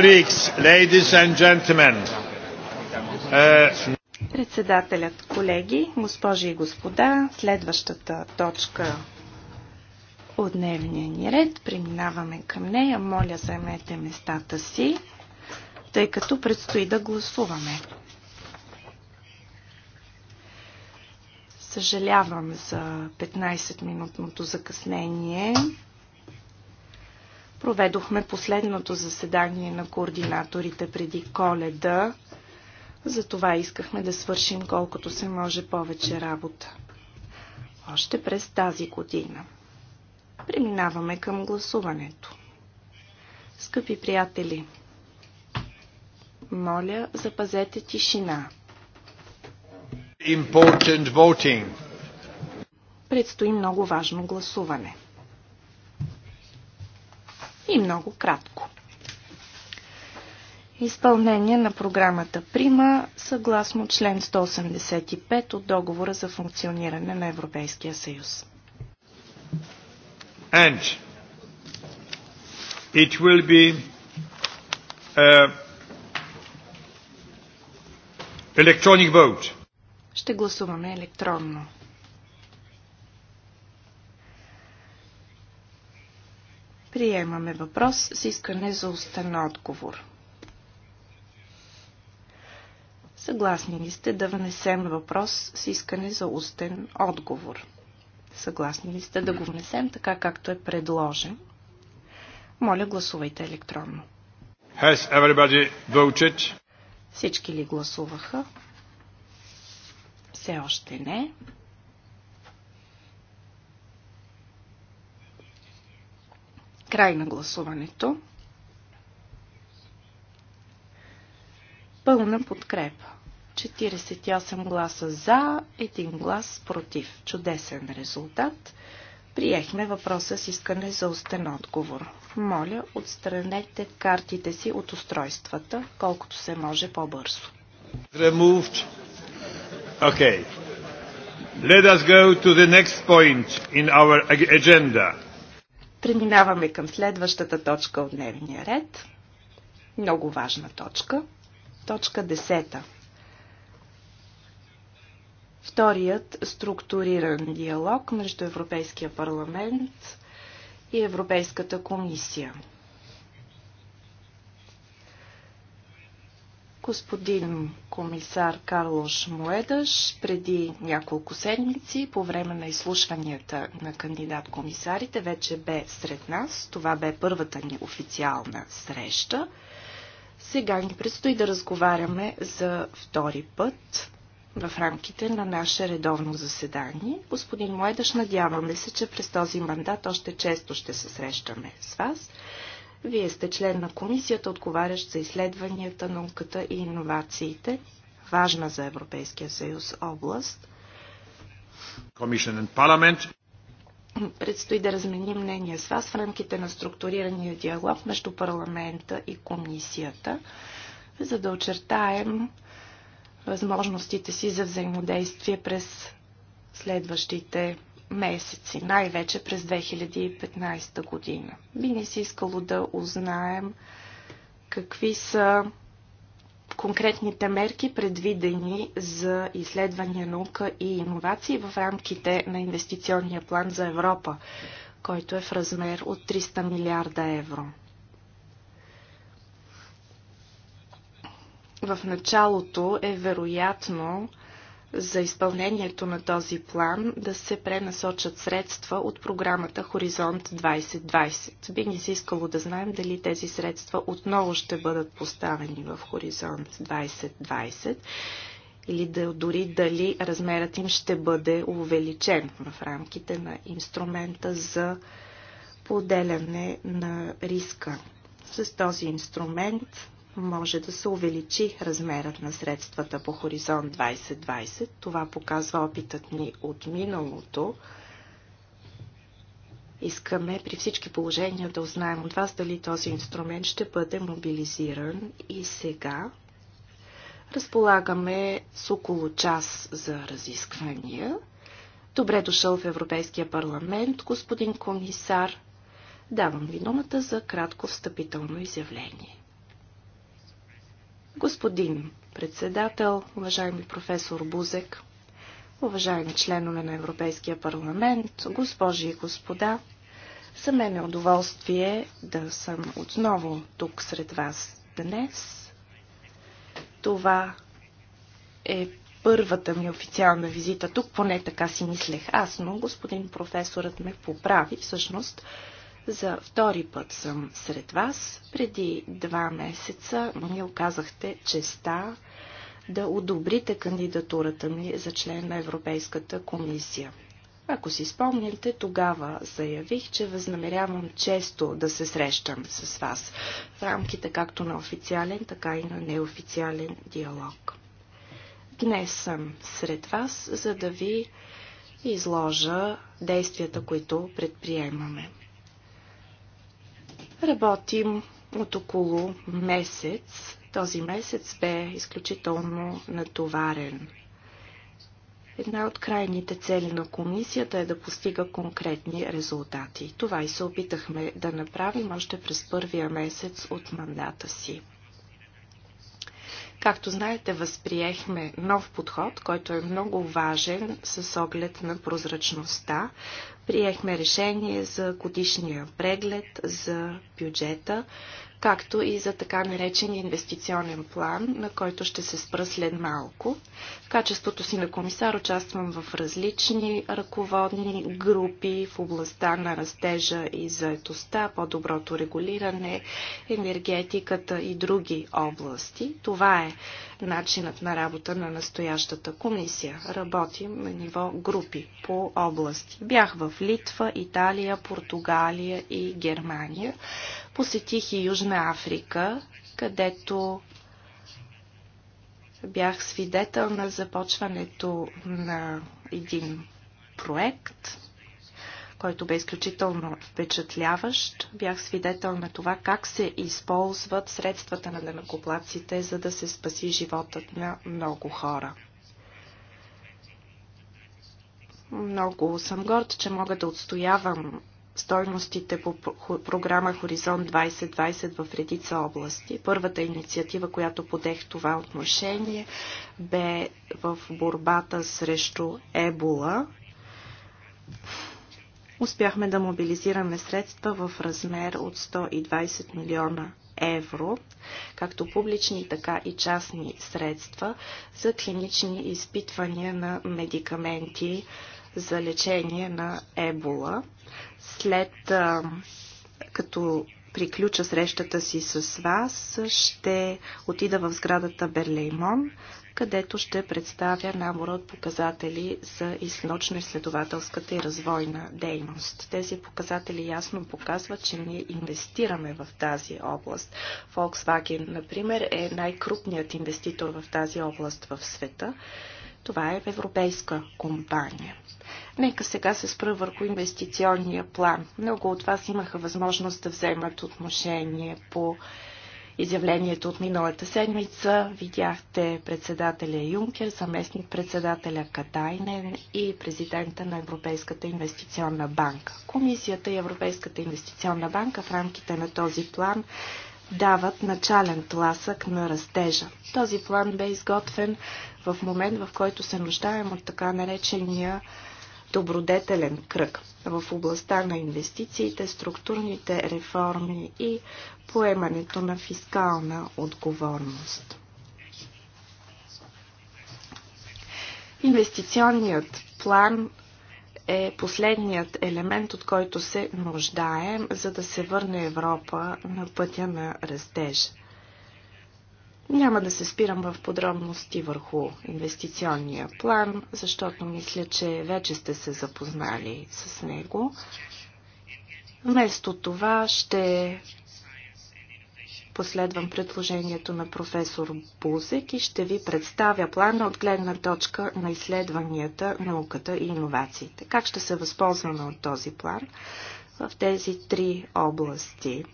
colleagues, ladies and gentlemen. Uh, Председателят, колеги, госпожи и господа, следващата точка от дневния ни ред. Преминаваме към нея. Моля, заемете местата си, тъй като предстои да гласуваме. Съжалявам за 15-минутното закъснение. Проведохме последното заседание на координаторите преди коледа. Затова искахме да свършим колкото се може повече работа. Още през тази година. Преминаваме към гласуването. Скъпи приятели, моля, запазете тишина. Предстои много важно гласуване и много кратко. Изпълнение на програмата Прима съгласно член 185 от договора за функциониране на Европейския съюз. And it will be uh, electronic vote. Ще гласуваме електронно. Приемаме въпрос с искане за устен отговор. Съгласни ли сте да внесем въпрос с искане за устен отговор? Съгласни ли сте да го внесем така, както е предложен? Моля, гласувайте електронно. Has everybody voted? Всички ли гласуваха? Все още не. Край на гласуването. Пълна подкрепа. 48 гласа за, 1 глас против. Чудесен резултат. Приехме въпроса с искане за устен отговор. Моля, отстранете картите си от устройствата, колкото се може по-бързо. Removed. Okay. Let us go to the next point in our agenda. Преминаваме към следващата точка от дневния ред. Много важна точка. Точка 10. Вторият структуриран диалог между Европейския парламент и Европейската комисия. Господин комисар Карлош Моедаш преди няколко седмици по време на изслушванията на кандидат-комисарите вече бе сред нас. Това бе първата ни официална среща. Сега ни предстои да разговаряме за втори път в рамките на наше редовно заседание. Господин Моедаш, надяваме се, че през този мандат още често ще се срещаме с вас. Вие сте член на комисията, отговарящ за изследванията, науката и иновациите, важна за Европейския съюз област. Предстои да разменим мнение с вас в рамките на структурирания диалог между парламента и комисията, за да очертаем възможностите си за взаимодействие през следващите месеци, най-вече през 2015 година. Би ни се искало да узнаем какви са конкретните мерки предвидени за изследвания, наука и иновации в рамките на инвестиционния план за Европа, който е в размер от 300 милиарда евро. В началото е вероятно, за изпълнението на този план да се пренасочат средства от програмата Хоризонт 2020. Би ни се искало да знаем дали тези средства отново ще бъдат поставени в Хоризонт 2020 или да, дори дали размерът им ще бъде увеличен в рамките на инструмента за поделяне на риска. С този инструмент може да се увеличи размерът на средствата по Хоризонт 2020. Това показва опитът ни от миналото. Искаме при всички положения да узнаем от вас дали този инструмент ще бъде мобилизиран и сега. Разполагаме с около час за разисквания. Добре дошъл в Европейския парламент, господин комисар. Давам ви думата за кратко встъпително изявление. Господин председател, уважаеми професор Бузек, уважаеми членове на Европейския парламент, госпожи и господа, за мен е удоволствие да съм отново тук сред вас днес. Това е първата ми официална визита тук, поне така си мислех аз, но господин професорът ме поправи. Всъщност, за втори път съм сред вас. Преди два месеца ми оказахте честа да одобрите кандидатурата ми за член на Европейската комисия. Ако си спомняте, тогава заявих, че възнамерявам често да се срещам с вас в рамките както на официален, така и на неофициален диалог. Днес съм сред вас, за да ви изложа действията, които предприемаме. Работим от около месец. Този месец бе изключително натоварен. Една от крайните цели на комисията е да постига конкретни резултати. Това и се опитахме да направим още през първия месец от мандата си. Както знаете, възприехме нов подход, който е много важен с оглед на прозрачността. Приехме решение за годишния преглед за бюджета, както и за така наречен инвестиционен план, на който ще се спра след малко. В качеството си на комисар участвам в различни ръководни групи в областта на растежа и заетостта, по-доброто регулиране, енергетиката и други области. Това е начинът на работа на настоящата комисия. Работим на ниво групи по области. Бях в Литва, Италия, Португалия и Германия. Посетих и Южна Африка, където бях свидетел на започването на един проект – който бе изключително впечатляващ. Бях свидетел на това как се използват средствата на денокоплаците, за да се спаси животът на много хора. Много съм горд, че мога да отстоявам стойностите по програма Хоризонт 2020 в редица области. Първата инициатива, която подех това отношение, бе в борбата срещу ебола успяхме да мобилизираме средства в размер от 120 милиона евро, както публични, така и частни средства за клинични изпитвания на медикаменти за лечение на ебола. След като приключа срещата си с вас, ще отида в сградата Берлеймон, където ще представя набора от показатели за изночно изследователската и развойна дейност. Тези показатели ясно показват, че ние инвестираме в тази област. Volkswagen, например, е най-крупният инвеститор в тази област в света. Това е европейска компания. Нека сега се спра върху инвестиционния план. Много от вас имаха възможност да вземат отношение по изявлението от миналата седмица. Видяхте председателя Юнкер, заместник председателя Катайнен и президента на Европейската инвестиционна банка. Комисията и Европейската инвестиционна банка в рамките на този план дават начален тласък на растежа. Този план бе изготвен в момент, в който се нуждаем от така наречения добродетелен кръг в областта на инвестициите, структурните реформи и поемането на фискална отговорност. Инвестиционният план е последният елемент, от който се нуждаем, за да се върне Европа на пътя на растеж. Няма да се спирам в подробности върху инвестиционния план, защото мисля, че вече сте се запознали с него. Вместо това ще последвам предложението на професор Бузек и ще ви представя плана от гледна точка на изследванията, науката и иновациите. Как ще се възползваме от този план в тези три области?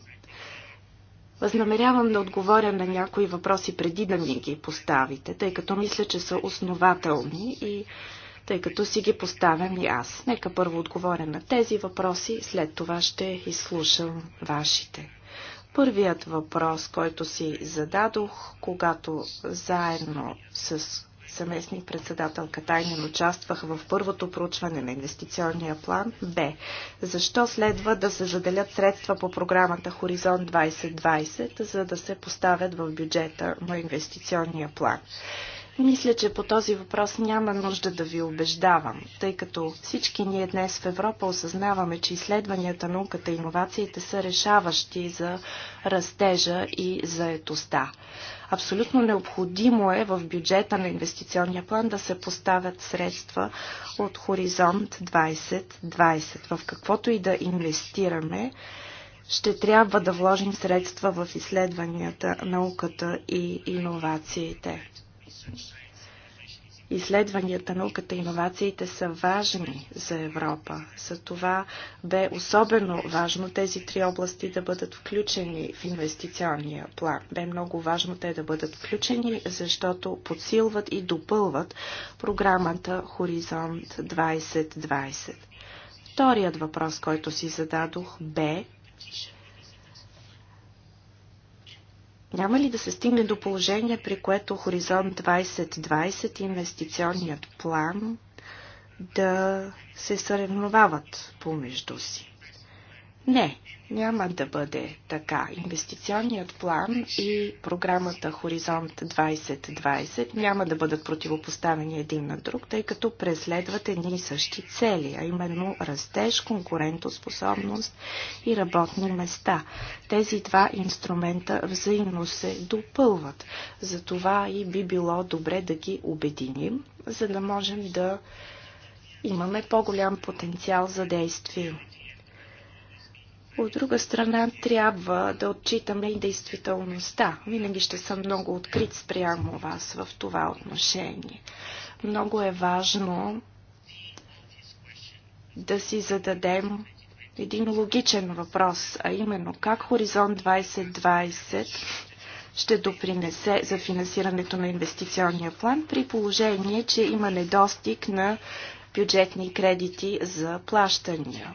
Възнамерявам да отговоря на някои въпроси преди да ми ги поставите, тъй като мисля, че са основателни и тъй като си ги поставям и аз. Нека първо отговоря на тези въпроси, след това ще изслушам вашите. Първият въпрос, който си зададох, когато заедно с заместник председател Катайнен, участвах в първото проучване на инвестиционния план. Б. Защо следва да се заделят средства по програмата Хоризонт 2020, за да се поставят в бюджета на инвестиционния план? Мисля, че по този въпрос няма нужда да ви убеждавам, тъй като всички ние днес в Европа осъзнаваме, че изследванията, науката и иновациите са решаващи за растежа и заетостта. Абсолютно необходимо е в бюджета на инвестиционния план да се поставят средства от Хоризонт 2020. В каквото и да инвестираме, ще трябва да вложим средства в изследванията, науката и иновациите. Изследванията, науката и иновациите са важни за Европа. За това бе особено важно тези три области да бъдат включени в инвестиционния план. Бе много важно те да бъдат включени, защото подсилват и допълват програмата Хоризонт 2020. Вторият въпрос, който си зададох бе няма ли да се стигне до положение, при което Хоризонт 2020 инвестиционният план да се съревновават помежду си? Не, няма да бъде така. Инвестиционният план и програмата Хоризонт 2020 няма да бъдат противопоставени един на друг, тъй като преследват едни и същи цели, а именно растеж, конкурентоспособност и работни места. Тези два инструмента взаимно се допълват. Затова и би било добре да ги обединим, за да можем да имаме по-голям потенциал за действие. От друга страна, трябва да отчитаме и действителността. Винаги ще съм много открит спрямо вас в това отношение. Много е важно да си зададем един логичен въпрос, а именно как Хоризонт 2020 ще допринесе за финансирането на инвестиционния план при положение, че има недостиг на бюджетни кредити за плащания.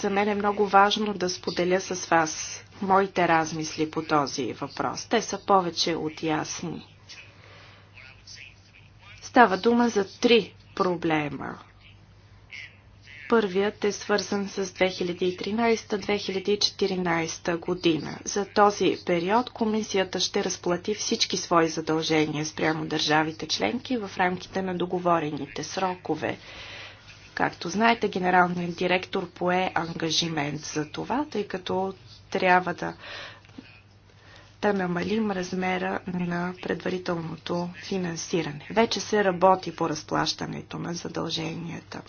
За мен е много важно да споделя с вас моите размисли по този въпрос. Те са повече от ясни. Става дума за три проблема. Първият е свързан с 2013-2014 година. За този период комисията ще разплати всички свои задължения спрямо държавите членки в рамките на договорените срокове. Както знаете, генералният директор пое ангажимент за това, тъй като трябва да, да намалим размера на предварителното финансиране. Вече се работи по разплащането на задълженията.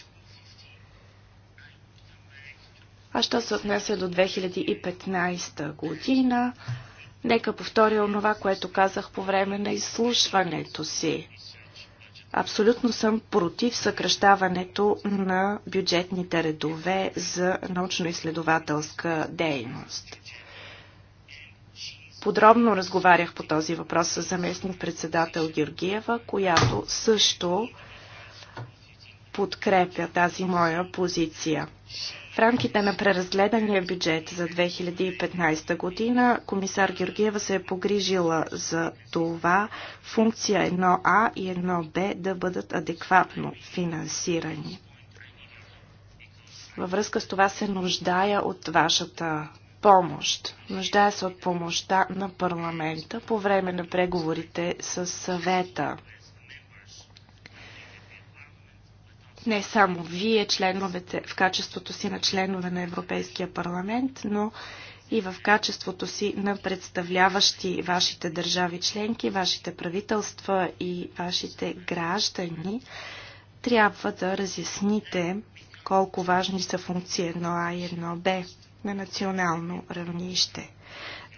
А що се отнася до 2015 година, нека повторя онова, което казах по време на изслушването си. Абсолютно съм против съкръщаването на бюджетните редове за научно-изследователска дейност. Подробно разговарях по този въпрос с заместник председател Георгиева, която също подкрепя тази моя позиция. В рамките на преразгледания бюджет за 2015 година комисар Георгиева се е погрижила за това функция 1А и 1Б да бъдат адекватно финансирани. Във връзка с това се нуждая от вашата помощ. Нуждая се от помощта на парламента по време на преговорите с съвета. не само вие, членовете, в качеството си на членове на Европейския парламент, но и в качеството си на представляващи вашите държави членки, вашите правителства и вашите граждани, трябва да разясните колко важни са функции 1А и 1Б на национално равнище.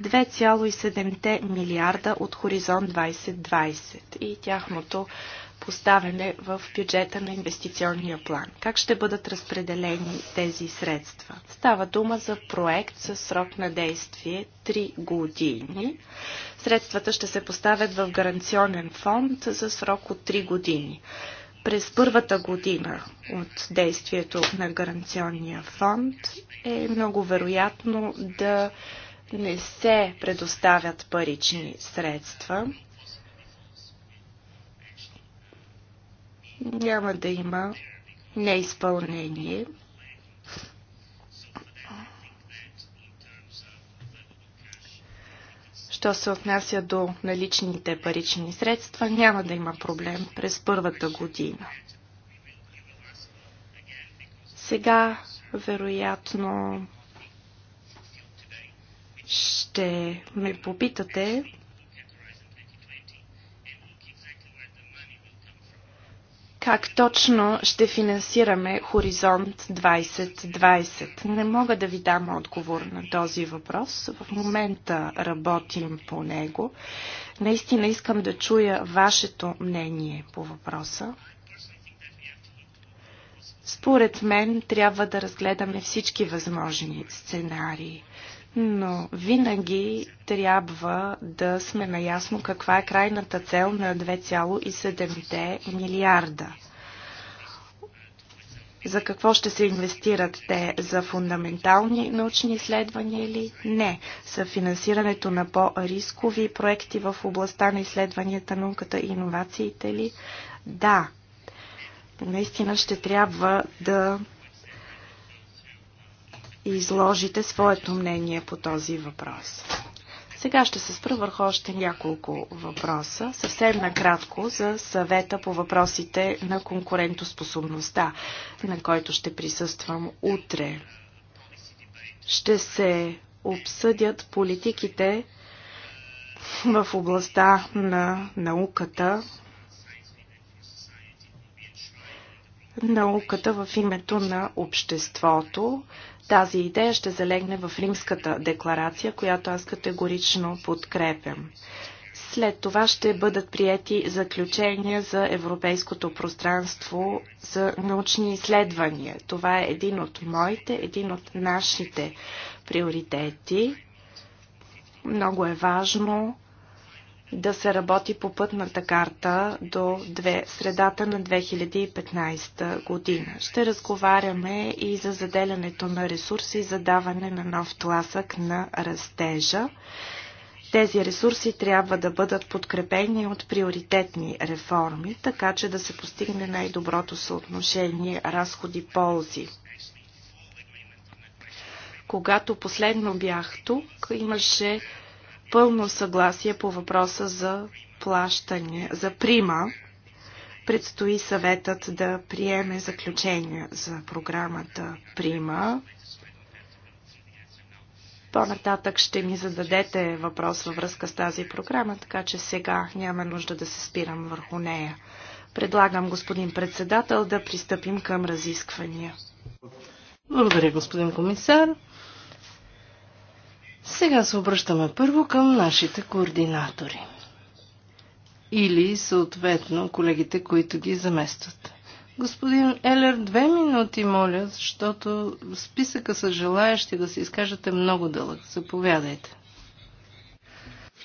2,7 милиарда от Хоризонт 2020 и тяхното поставяне в бюджета на инвестиционния план. Как ще бъдат разпределени тези средства? Става дума за проект с срок на действие 3 години. Средствата ще се поставят в гаранционен фонд за срок от 3 години. През първата година от действието на гаранционния фонд е много вероятно да не се предоставят парични средства, няма да има неизпълнение. Що се отнася до наличните парични средства, няма да има проблем през първата година. Сега, вероятно, ще ме попитате как точно ще финансираме Хоризонт 2020? Не мога да ви дам отговор на този въпрос. В момента работим по него. Наистина искам да чуя вашето мнение по въпроса. Според мен трябва да разгледаме всички възможни сценарии но винаги трябва да сме наясно каква е крайната цел на 2,7 милиарда. За какво ще се инвестират те? За фундаментални научни изследвания или не? За финансирането на по-рискови проекти в областта на изследванията, науката и иновациите ли? Да. Наистина ще трябва да и изложите своето мнение по този въпрос. Сега ще се спра върху още няколко въпроса, съвсем накратко за съвета по въпросите на конкурентоспособността, на който ще присъствам утре. Ще се обсъдят политиките в областта на науката, науката в името на обществото. Тази идея ще залегне в Римската декларация, която аз категорично подкрепям. След това ще бъдат приети заключения за Европейското пространство за научни изследвания. Това е един от моите, един от нашите приоритети. Много е важно да се работи по пътната карта до две, средата на 2015 година. Ще разговаряме и за заделянето на ресурси и за даване на нов тласък на растежа. Тези ресурси трябва да бъдат подкрепени от приоритетни реформи, така че да се постигне най-доброто съотношение разходи-ползи. Когато последно бях тук, имаше пълно съгласие по въпроса за плащане, за прима. Предстои съветът да приеме заключение за програмата прима. По-нататък ще ми зададете въпрос във връзка с тази програма, така че сега няма нужда да се спирам върху нея. Предлагам, господин председател, да пристъпим към разисквания. Благодаря, господин комисар. Сега се обръщаме първо към нашите координатори. Или, съответно, колегите, които ги заместват. Господин Елер, две минути, моля, защото списъка са желаящи да се изкажете много дълъг. Заповядайте.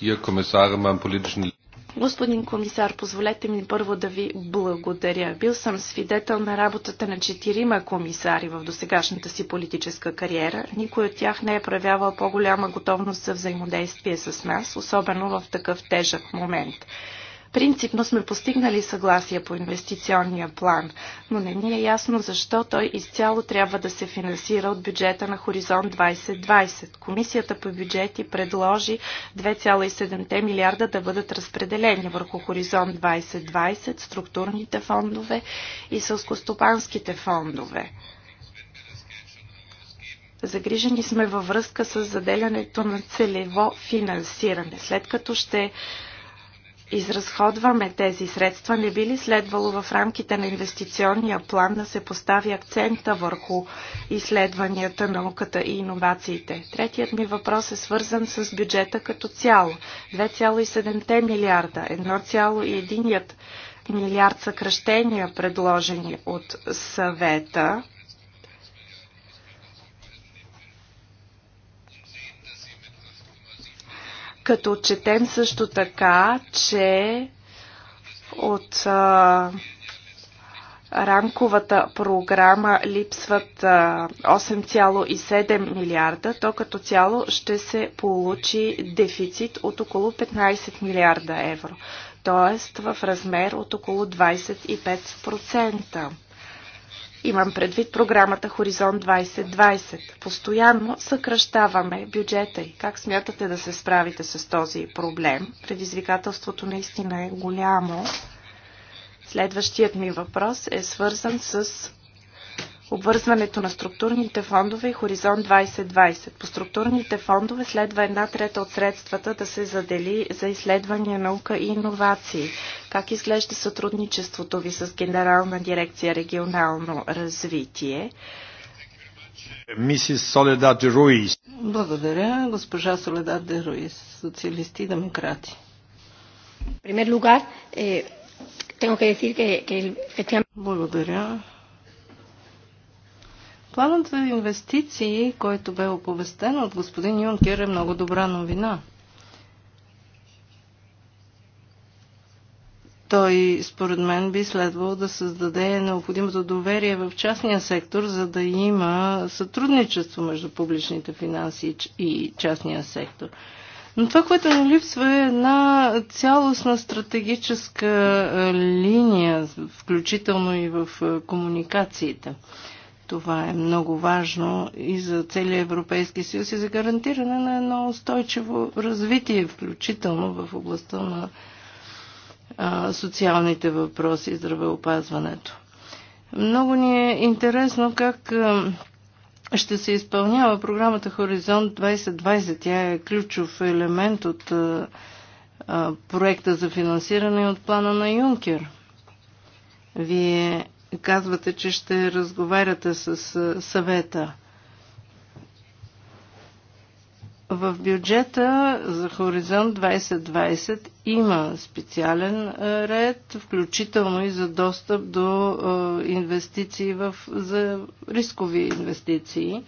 Вие Kommissare beim политични Господин комисар, позволете ми първо да ви благодаря. Бил съм свидетел на работата на четирима комисари в досегашната си политическа кариера. Никой от тях не е проявявал по-голяма готовност за взаимодействие с нас, особено в такъв тежък момент. Принципно сме постигнали съгласие по инвестиционния план, но не ни е ясно защо той изцяло трябва да се финансира от бюджета на Хоризонт 2020. Комисията по бюджети предложи 2,7 милиарда да бъдат разпределени върху Хоризонт 2020, структурните фондове и сълскостопанските фондове. Загрижени сме във връзка с заделянето на целево финансиране. След като ще изразходваме тези средства, не би ли следвало в рамките на инвестиционния план да се постави акцента върху изследванията, науката и иновациите? Третият ми въпрос е свързан с бюджета като цяло. 2,7 милиарда, 1,1 милиард съкръщения, предложени от съвета Като отчетем също така, че от а, рамковата програма липсват 8,7 милиарда, то като цяло ще се получи дефицит от около 15 милиарда евро, т.е. в размер от около 25%. Имам предвид програмата Хоризонт 2020. Постоянно съкръщаваме бюджета и как смятате да се справите с този проблем? Предизвикателството наистина е голямо. Следващият ми въпрос е свързан с обвързването на структурните фондове и Хоризонт 2020. По структурните фондове следва една трета от средствата да се задели за изследвания, наука и иновации. Как изглежда сътрудничеството ви с Генерална дирекция регионално развитие? Мисис Соледат де Руис. Благодаря, госпожа Соледат де Руис, социалисти и демократи. Благодаря. Планът за инвестиции, който бе оповестен от господин Юнкер, е много добра новина. Той, според мен, би следвало да създаде необходимото доверие в частния сектор, за да има сътрудничество между публичните финанси и частния сектор. Но това, което ни липсва е една цялостна стратегическа линия, включително и в комуникациите. Това е много важно и за целия Европейски съюз и за гарантиране на едно устойчиво развитие, включително в областта на а, социалните въпроси и здравеопазването. Много ни е интересно как а, ще се изпълнява програмата Хоризонт 2020. Тя е ключов елемент от а, проекта за финансиране от плана на Юнкер. Вие казвате, че ще разговаряте с съвета. В бюджета за Хоризонт 2020 има специален ред, включително и за достъп до инвестиции в, за рискови инвестиции.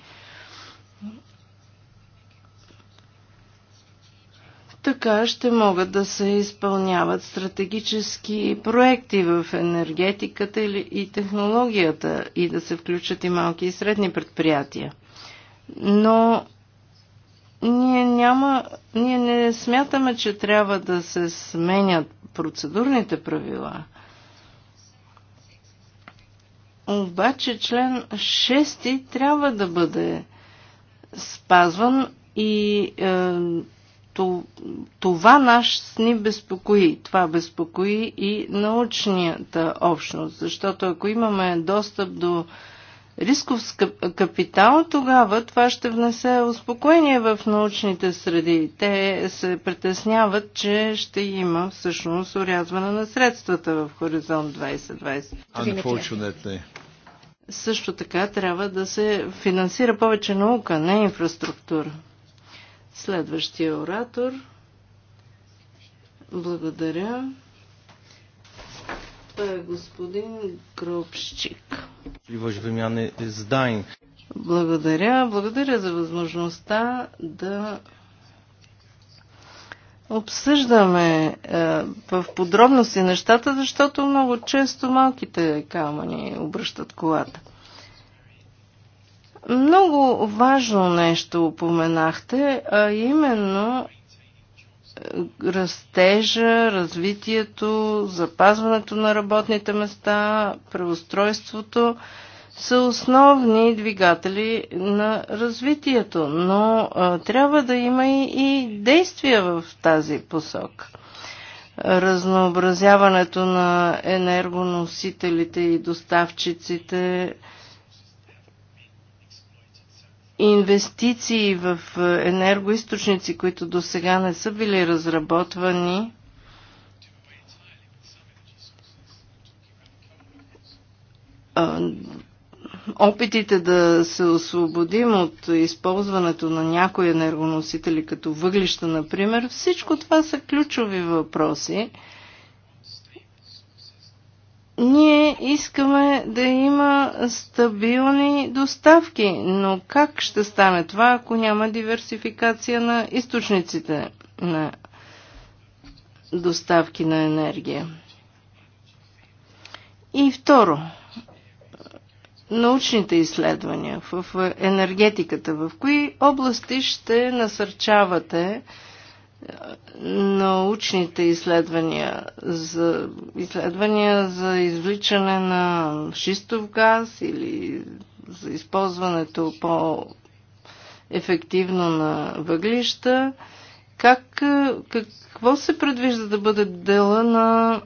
Така ще могат да се изпълняват стратегически проекти в енергетиката и технологията и да се включат и малки и средни предприятия. Но ние, няма, ние не смятаме, че трябва да се сменят процедурните правила. Обаче член 6 трябва да бъде спазван и е, това наш ни безпокои. Това безпокои и научнията общност, защото ако имаме достъп до рисков капитал, тогава това ще внесе успокоение в научните среди. Те се притесняват, че ще има всъщност урязване на средствата в Хоризонт 2020. Също така трябва да се финансира повече наука, не инфраструктура. Следващия оратор. Благодаря. Това е господин Гробщик. Благодаря. Благодаря за възможността да обсъждаме е, в подробности нещата, защото много често малките камъни обръщат колата. Много важно нещо упоменахте, а именно е, растежа, развитието, запазването на работните места, преустройството са основни двигатели на развитието, но а, трябва да има и, и действия в тази посок. Разнообразяването на енергоносителите и доставчиците, инвестиции в е, енергоисточници, които до сега не са били разработвани, опитите да се освободим от използването на някои енергоносители, като въглища, например, всичко това са ключови въпроси. Ние искаме да има стабилни доставки, но как ще стане това, ако няма диверсификация на източниците на доставки на енергия? И второ, научните изследвания в енергетиката. В кои области ще насърчавате? научните изследвания, за изследвания за извличане на шистов газ или за използването по-ефективно на въглища. Как, какво се предвижда да бъде дела на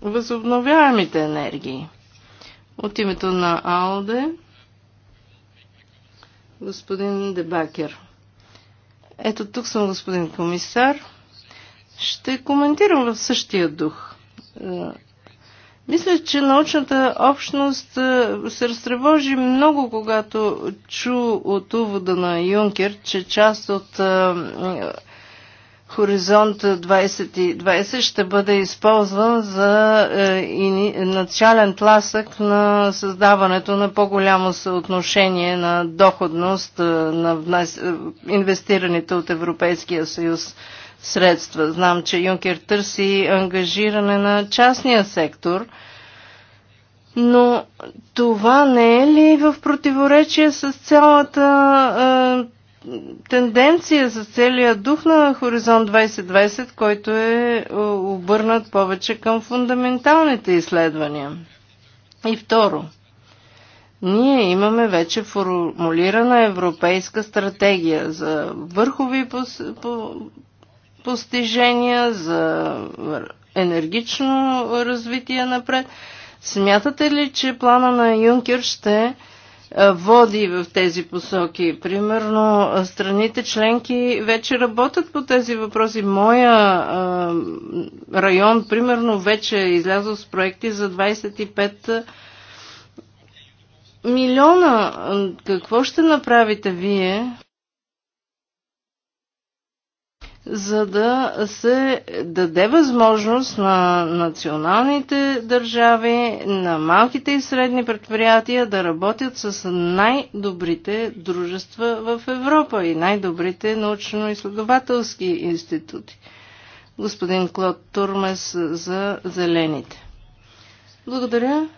възобновяемите енергии? От името на АОДЕ, господин Дебакер. Ето тук съм, господин комисар. Ще коментирам в същия дух. Е, мисля, че научната общност е, се разтревожи много, когато чу от увода на Юнкер, че част от е, Хоризонт 2020 ще бъде използван за е, начален тласък на създаването на по-голямо съотношение на доходност е, на е, инвестираните от Европейския съюз средства. Знам, че Юнкер търси ангажиране на частния сектор, но това не е ли в противоречие с цялата тенденция за целия дух на Хоризонт 2020, който е, е обърнат повече към фундаменталните изследвания. И второ, ние имаме вече формулирана европейска стратегия за върхови пос, по, постижения, за енергично развитие напред. Смятате ли, че плана на Юнкер ще води в тези посоки. Примерно, страните членки вече работят по тези въпроси. Моя а, район, примерно, вече е излязъл с проекти за 25 милиона. Какво ще направите вие? за да се даде възможност на националните държави, на малките и средни предприятия да работят с най-добрите дружества в Европа и най-добрите научно-изследователски институти. Господин Клод Турмес за зелените. Благодаря.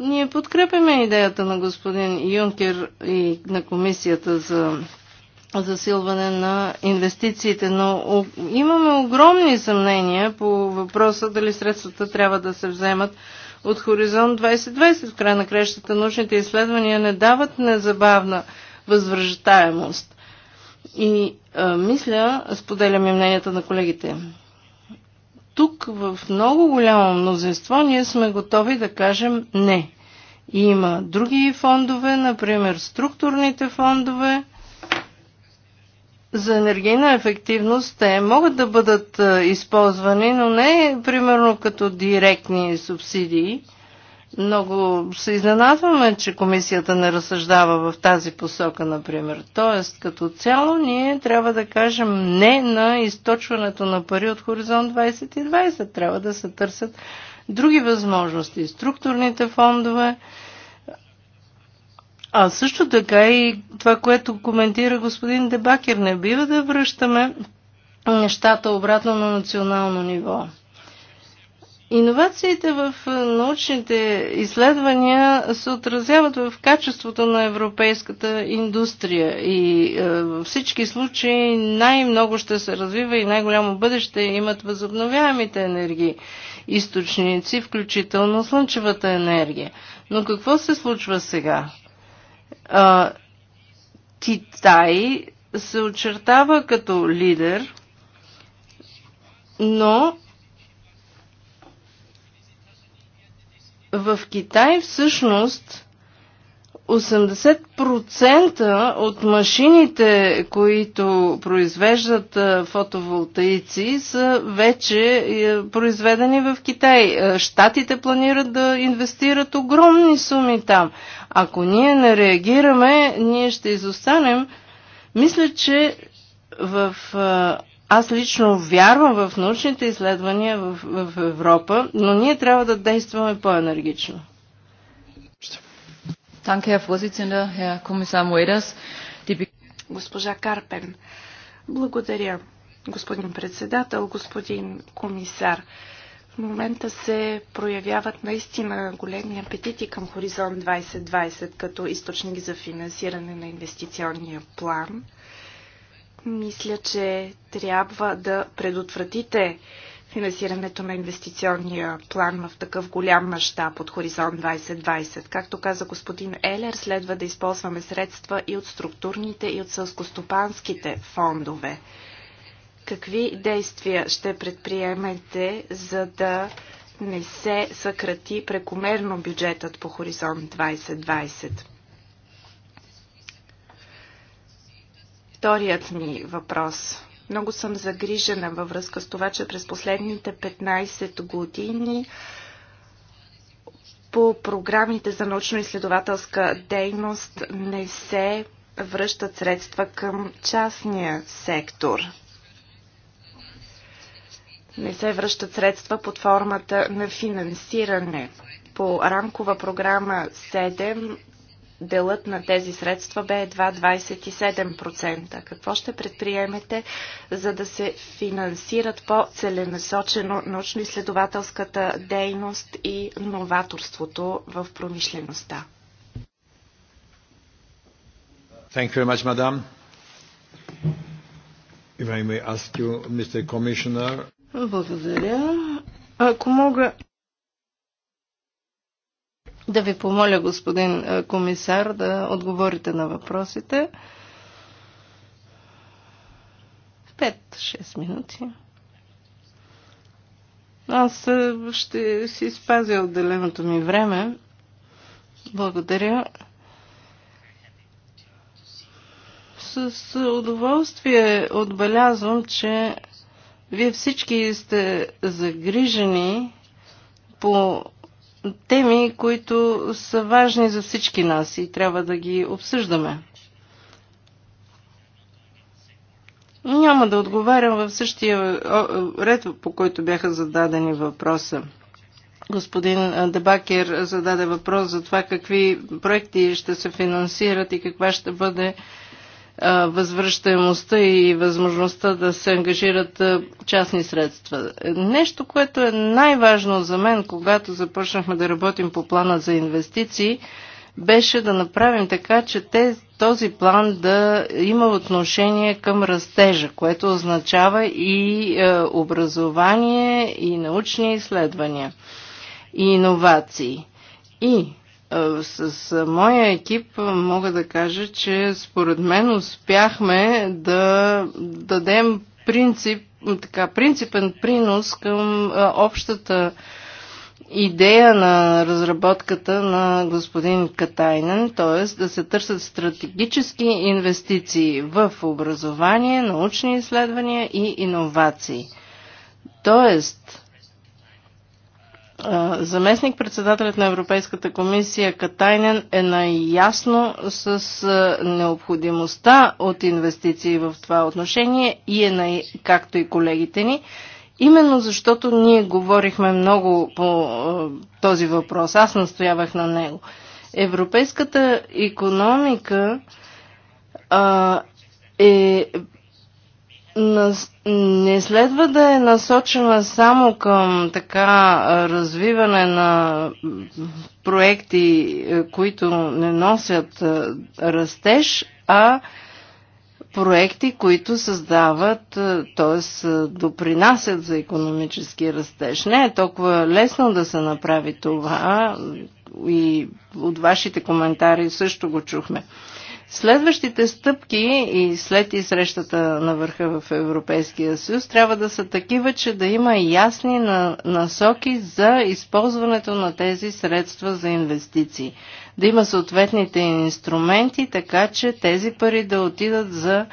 Ние подкрепяме идеята на господин Юнкер и на комисията за засилване на инвестициите, но имаме огромни съмнения по въпроса дали средствата трябва да се вземат от Хоризонт 2020. В край на крещата научните изследвания не дават незабавна възвръщаемост. И а, мисля, споделям и мненията на колегите. Тук в много голямо мнозинство ние сме готови да кажем не. Има други фондове, например структурните фондове, за енергийна ефективност те могат да бъдат е, използвани, но не примерно като директни субсидии. Много се изненадваме, че комисията не разсъждава в тази посока, например. Тоест, като цяло, ние трябва да кажем не на източването на пари от Хоризонт 2020. Трябва да се търсят други възможности. Структурните фондове, а също така и това, което коментира господин Дебакер, не бива да връщаме нещата обратно на национално ниво. Иновациите в научните изследвания се отразяват в качеството на европейската индустрия и е, във всички случаи най-много ще се развива и най-голямо бъдеще имат възобновяемите енергии източници, включително слънчевата енергия. Но какво се случва сега? Китай се очертава като лидер, но в Китай всъщност 80% от машините, които произвеждат фотоволтаици, са вече е, произведени в Китай. Штатите планират да инвестират огромни суми там. Ако ние не реагираме, ние ще изостанем. Мисля, че в аз лично вярвам в научните изследвания в, в Европа, но ние трябва да действаме по-енергично. Госпожа Карпен. Благодаря, господин председател, господин комисар. В момента се проявяват наистина големи апетити към Хоризонт 2020 като източник за финансиране на инвестиционния план. Мисля, че трябва да предотвратите финансирането на инвестиционния план в такъв голям мащаб от Хоризонт 2020. Както каза господин Елер, следва да използваме средства и от структурните, и от сълскостопанските фондове. Какви действия ще предприемете, за да не се съкрати прекомерно бюджетът по Хоризонт 2020? Вторият ми въпрос много съм загрижена във връзка с това, че през последните 15 години по програмите за научно-изследователска дейност не се връщат средства към частния сектор. Не се връщат средства под формата на финансиране. По рамкова програма 7 делът на тези средства бе едва 27%. Какво ще предприемете, за да се финансират по-целенасочено научно-изследователската дейност и новаторството в промишлеността? Thank you very much, madam. If I may ask you, Mr. Commissioner. Благодаря. Ако мога да ви помоля, господин е, комисар, да отговорите на въпросите. 5-6 минути. Аз е, ще си спазя отделеното ми време. Благодаря. С удоволствие отбелязвам, че вие всички сте загрижени по теми, които са важни за всички нас и трябва да ги обсъждаме. Няма да отговарям в същия ред, по който бяха зададени въпроса. Господин Дебакер зададе въпрос за това какви проекти ще се финансират и каква ще бъде възвръщаемостта и възможността да се ангажират частни средства. Нещо, което е най-важно за мен, когато започнахме да работим по плана за инвестиции, беше да направим така, че те, този план да има отношение към растежа, което означава и е, образование, и научни изследвания, и иновации. И е, с моя екип мога да кажа, че според мен успяхме да дадем принцип, така, принципен принос към е, общата идея на разработката на господин Катайнен, т.е. да се търсят стратегически инвестиции в образование, научни изследвания и иновации. Тоест, Заместник-председателят на Европейската комисия Катайнен е наясно с необходимостта от инвестиции в това отношение и е най- както и колегите ни, именно защото ние говорихме много по този въпрос. Аз настоявах на него. Европейската економика а, е не следва да е насочена само към така развиване на проекти, е, които не носят е, растеж, а проекти, които създават, т.е. Е, допринасят за економически растеж. Не е толкова лесно да се направи това и от вашите коментари също го чухме. Следващите стъпки и след и срещата на върха в Европейския съюз трябва да са такива, че да има ясни насоки за използването на тези средства за инвестиции. Да има съответните инструменти, така че тези пари да отидат за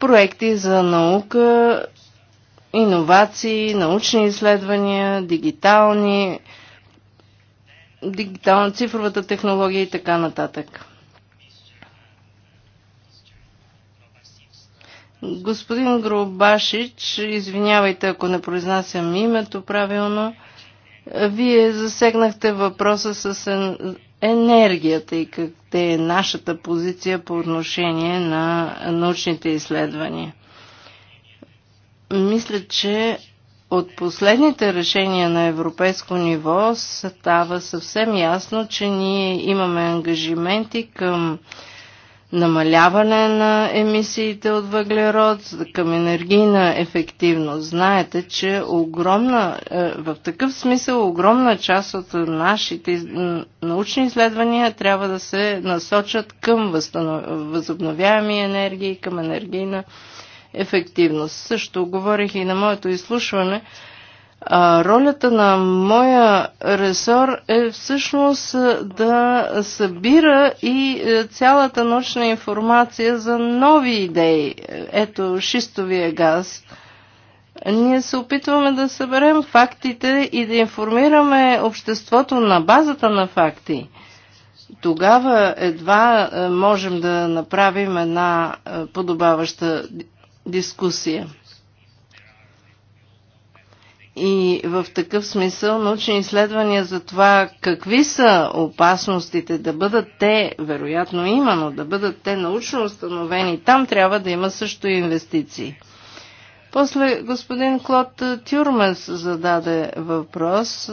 проекти за наука, иновации, научни изследвания, дигитални, дигитална цифровата технология и така нататък. Господин Гробашич, извинявайте, ако не произнасям името правилно, вие засегнахте въпроса с енергията и как е нашата позиция по отношение на научните изследвания. Мисля, че от последните решения на европейско ниво става съвсем ясно, че ние имаме ангажименти към намаляване на емисиите от въглерод, към енергийна ефективност. Знаете, че огромна, е, в такъв смисъл огромна част от нашите научни изследвания трябва да се насочат към възобновяеми енергии, към енергийна ефективност. Също говорих и на моето изслушване а, ролята на моя ресор е всъщност да събира и цялата научна информация за нови идеи. Ето, шистовия газ. Ние се опитваме да съберем фактите и да информираме обществото на базата на факти. Тогава едва можем да направим една подобаваща дискусия. И в такъв смисъл научни изследвания за това какви са опасностите да бъдат те, вероятно има, но да бъдат те научно установени, там трябва да има също и инвестиции. После господин Клод Тюрмес зададе въпрос,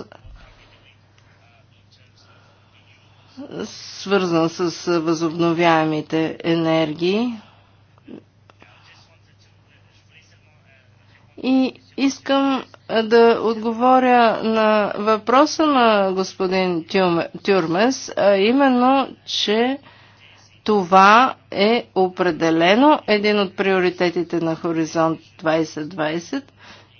свързан с възобновяемите енергии. И искам да отговоря на въпроса на господин Тюрмес, а именно, че това е определено един от приоритетите на Хоризонт 2020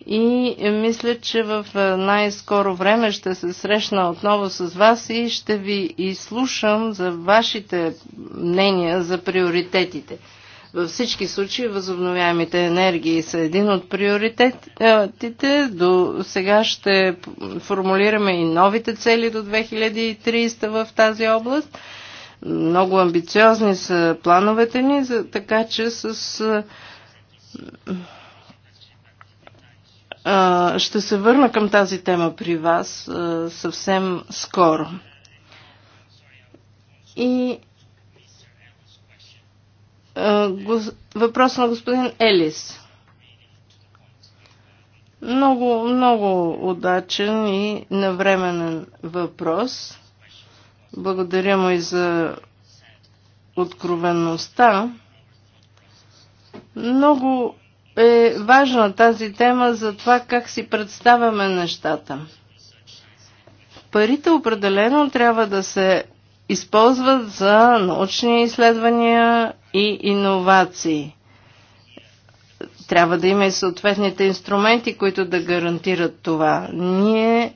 и мисля, че в най-скоро време ще се срещна отново с вас и ще ви изслушам за вашите мнения за приоритетите. Във всички случаи възобновяемите енергии са един от приоритетите. До сега ще формулираме и новите цели до 2030 в тази област. Много амбициозни са плановете ни, така че с ще се върна към тази тема при вас съвсем скоро. И Въпрос на господин Елис. Много, много удачен и навременен въпрос. Благодаря му и за откровенността. Много е важна тази тема за това как си представяме нещата. Парите определено трябва да се използват за научни изследвания, и иновации. Трябва да има и съответните инструменти, които да гарантират това. Ние,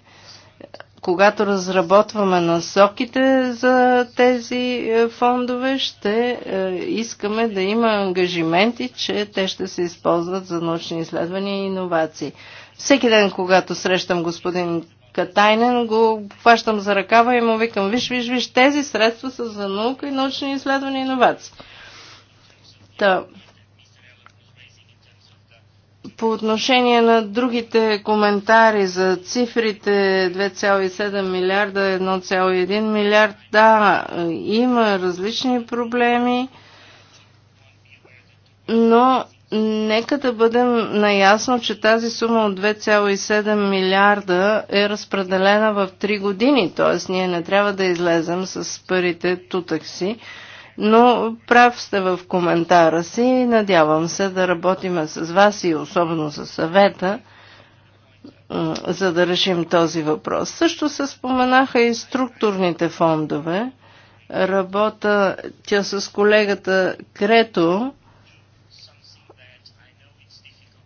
когато разработваме насоките за тези е, фондове, ще е, искаме да има ангажименти, че те ще се използват за научни изследвания и иновации. Всеки ден, когато срещам господин Катайнен, го хващам за ръкава и му викам, виж, виж, виж, тези средства са за наука и научни изследвания и иновации. Та, по отношение на другите коментари за цифрите 2,7 милиарда, 1,1 милиард, да, има различни проблеми, но нека да бъдем наясно, че тази сума от 2,7 милиарда е разпределена в 3 години, т.е. ние не трябва да излезем с парите тутък си. Но прав сте в коментара си. Надявам се да работим с вас и особено с съвета, за да решим този въпрос. Също се споменаха и структурните фондове. Работа тя с колегата Крето,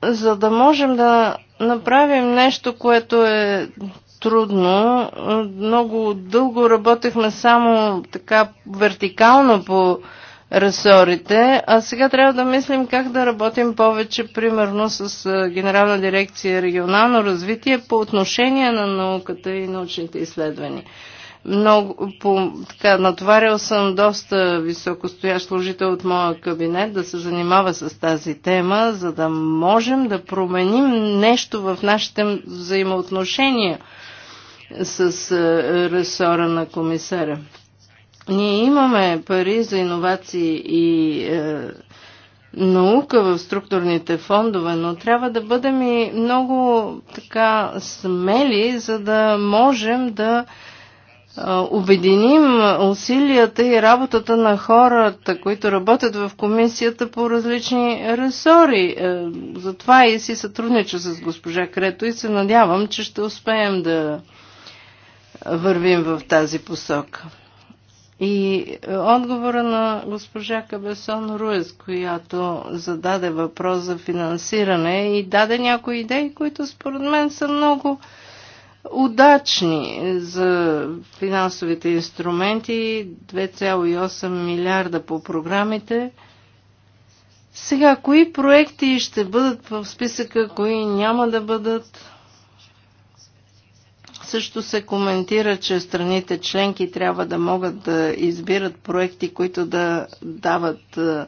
за да можем да направим нещо, което е трудно. Е, много дълго работехме само така вертикално по ресорите, а сега трябва да мислим как да работим повече, примерно с е, Генерална дирекция регионално развитие по отношение на науката и научните изследвания. Много, по, така, натварял съм доста високостоящ служител от моя кабинет да се занимава с тази тема, за да можем да променим нещо в нашите взаимоотношения с е, ресора на комисаря. Ние имаме пари за иновации и е, наука в структурните фондове, но трябва да бъдем и много така смели, за да можем да е, обединим усилията и работата на хората, които работят в комисията по различни ресори. Е, затова и си сътруднича с госпожа Крето и се надявам, че ще успеем да вървим в тази посока. И отговора на госпожа Кабесон Руес, която зададе въпрос за финансиране и даде някои идеи, които според мен са много удачни за финансовите инструменти 2,8 милиарда по програмите. Сега, кои проекти ще бъдат в списъка, кои няма да бъдат? Също се коментира, че страните членки трябва да могат да избират проекти, които да дават е,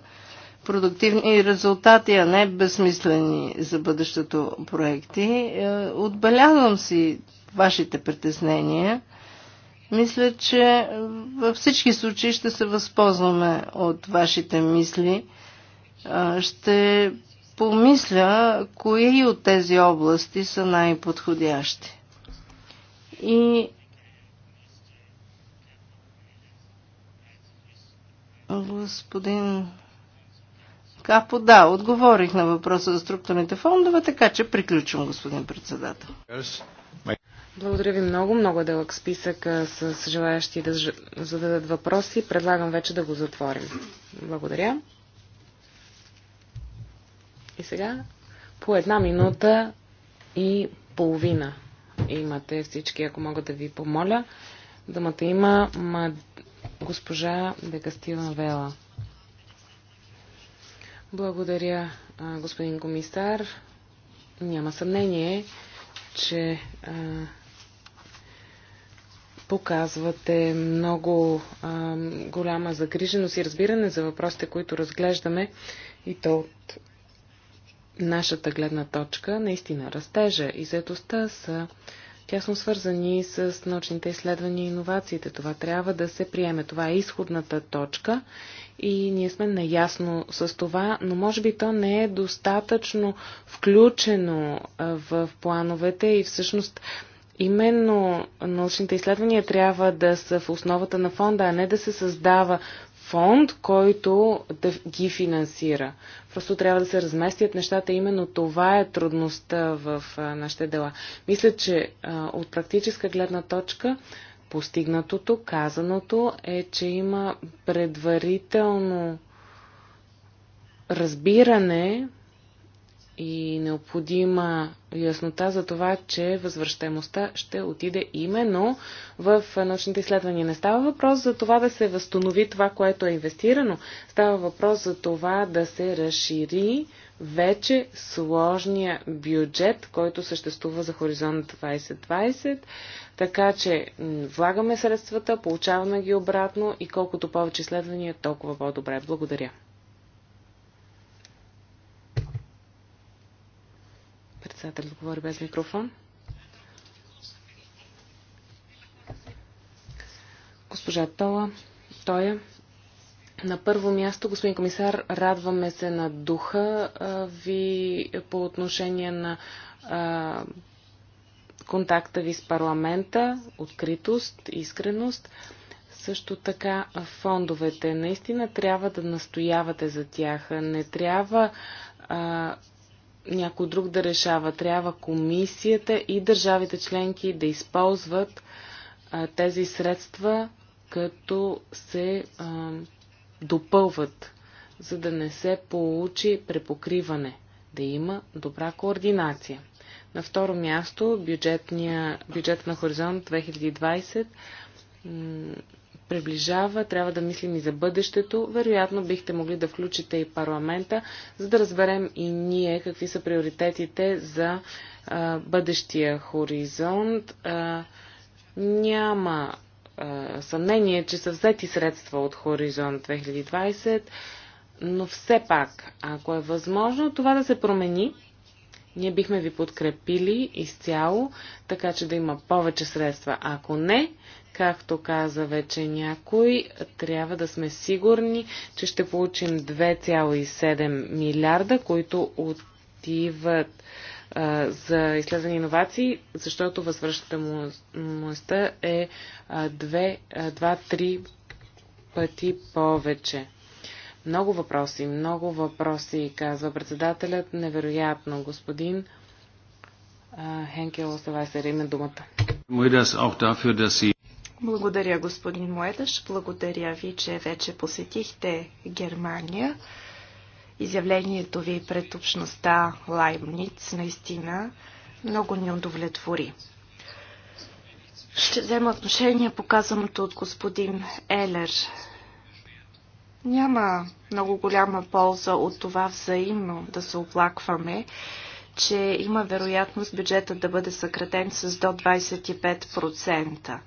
продуктивни резултати, а не безсмислени за бъдещето проекти. Е, отбелязвам си вашите притеснения. Мисля, че във всички случаи ще се възползваме от вашите мисли. Е, ще помисля, кои от тези области са най-подходящи. И господин Капо, да, отговорих на въпроса за структурните фондове, така че приключвам, господин председател. Благодаря ви много. Много е дълъг списък с желаящи да зададат въпроси. Предлагам вече да го затворим. Благодаря. И сега по една минута и половина имате всички, ако мога да ви помоля. Думата има госпожа Декастила Вела. Благодаря, господин комисар. Няма съмнение, че а, показвате много а, голяма загриженост и разбиране за въпросите, които разглеждаме и то от нашата гледна точка, наистина растежа и заедостта са тясно свързани с научните изследвания и иновациите. Това трябва да се приеме. Това е изходната точка и ние сме наясно с това, но може би то не е достатъчно включено в плановете и всъщност именно научните изследвания трябва да са в основата на фонда, а не да се създава фонд, който да ги финансира. Просто трябва да се разместят нещата. Именно това е трудността в нашите дела. Мисля, че от практическа гледна точка постигнатото, казаното е, че има предварително разбиране и необходима яснота за това, че възвръщаемостта ще отиде именно в научните изследвания. Не става въпрос за това да се възстанови това, което е инвестирано. Става въпрос за това да се разшири вече сложния бюджет, който съществува за Хоризонт 2020. Така че влагаме средствата, получаваме ги обратно и колкото повече изследвания, толкова по-добре. Благодаря. Председателят говори без микрофон. Госпожа Тола, той е. На първо място, господин комисар, радваме се на духа ви по отношение на а, контакта ви с парламента, откритост, искреност. Също така фондовете. Наистина трябва да настоявате за тях. Не трябва а, някой друг да решава. Трябва комисията и държавите членки да използват а, тези средства, като се а, допълват, за да не се получи препокриване, да има добра координация. На второ място бюджетния, бюджет на Хоризонт 2020 приближава, трябва да мислим и за бъдещето. Вероятно бихте могли да включите и парламента, за да разберем и ние какви са приоритетите за а, бъдещия хоризонт. А, няма а, съмнение, че са взети средства от Хоризонт 2020, но все пак, ако е възможно това да се промени, ние бихме ви подкрепили изцяло, така че да има повече средства. Ако не, както каза вече някой, трябва да сме сигурни, че ще получим 2,7 милиарда, които отиват а, за изследване иновации, защото възвръщаемостта е 2-3 пъти повече. Много въпроси, много въпроси, казва председателят. Невероятно, господин Хенкел, Оставайсер, има думата. Благодаря, господин Моедаш. Благодаря ви, че вече посетихте Германия. Изявлението ви пред общността Лаймниц наистина много ни удовлетвори. Ще взема отношение показаното от господин Елер. Няма много голяма полза от това взаимно да се оплакваме, че има вероятност бюджетът да бъде съкратен с до 25%.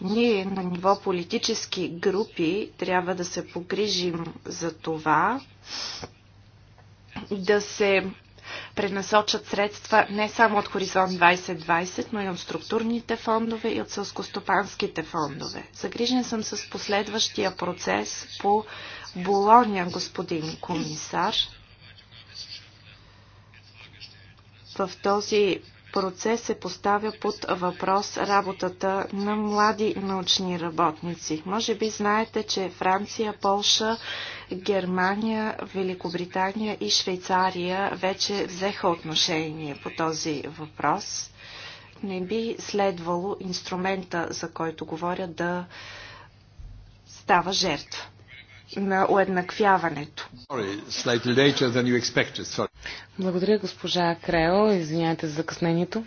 Ние на ниво политически групи трябва да се погрижим за това да се пренасочат средства не само от Хоризонт 2020, но и от структурните фондове и от сълскостопанските фондове. Загрижен съм с последващия процес по Болония, господин комисар. В този процес се поставя под въпрос работата на млади научни работници. Може би знаете, че Франция, Полша, Германия, Великобритания и Швейцария вече взеха отношение по този въпрос. Не би следвало инструмента, за който говоря, да става жертва на уеднаквяването. Благодаря, госпожа Крео. Извиняйте за закъснението.